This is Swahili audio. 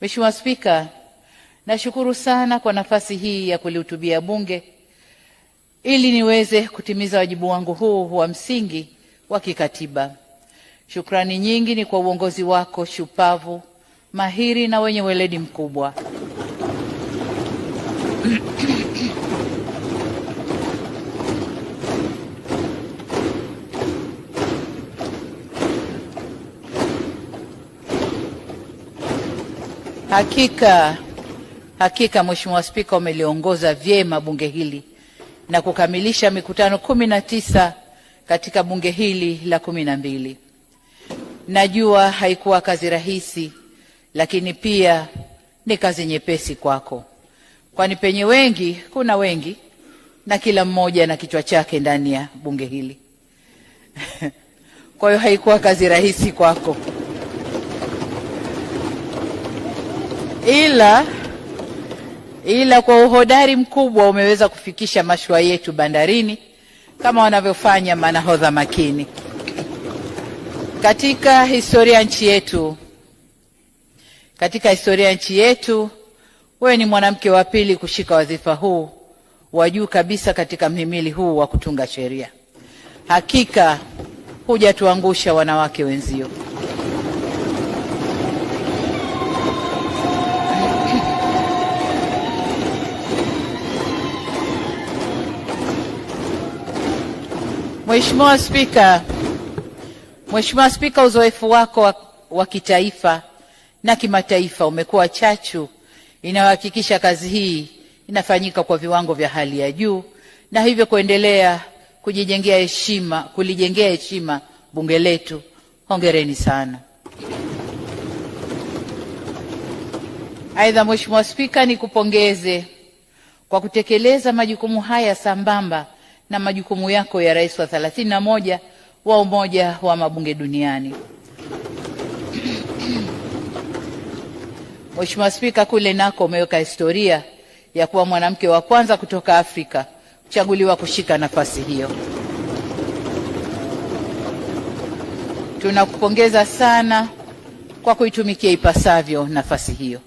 Mheshimiwa Spika, nashukuru sana kwa nafasi hii ya kulihutubia Bunge ili niweze kutimiza wajibu wangu huu wa msingi wa kikatiba. Shukrani nyingi ni kwa uongozi wako shupavu, mahiri na wenye weledi mkubwa Hakika, hakika Mheshimiwa Spika, umeliongoza vyema bunge hili na kukamilisha mikutano kumi na tisa katika bunge hili la kumi na mbili. Najua haikuwa kazi rahisi, lakini pia ni kazi nyepesi kwako, kwani penye wengi kuna wengi na kila mmoja na kichwa chake ndani ya bunge hili. Kwa hiyo haikuwa kazi rahisi kwako. ila ila kwa uhodari mkubwa umeweza kufikisha mashua yetu bandarini kama wanavyofanya manahodha makini. Katika historia nchi yetu, katika historia nchi yetu, wewe ni mwanamke wa pili kushika wadhifa huu wa juu kabisa katika mhimili huu wa kutunga sheria. Hakika hujatuangusha wanawake wenzio. Mheshimiwa Spika, Mheshimiwa Spika, uzoefu wako wa kitaifa na kimataifa umekuwa chachu inayohakikisha kazi hii inafanyika kwa viwango vya hali ya juu na hivyo kuendelea kujijengea heshima, kulijengea heshima bunge letu. Hongereni sana. Aidha, Mheshimiwa Spika, nikupongeze kwa kutekeleza majukumu haya sambamba na majukumu yako ya rais wa 31 wa Umoja wa Mabunge Duniani. Mheshimiwa Spika, kule nako umeweka historia ya kuwa mwanamke wa kwanza kutoka Afrika kuchaguliwa kushika nafasi hiyo. Tunakupongeza sana kwa kuitumikia ipasavyo nafasi hiyo.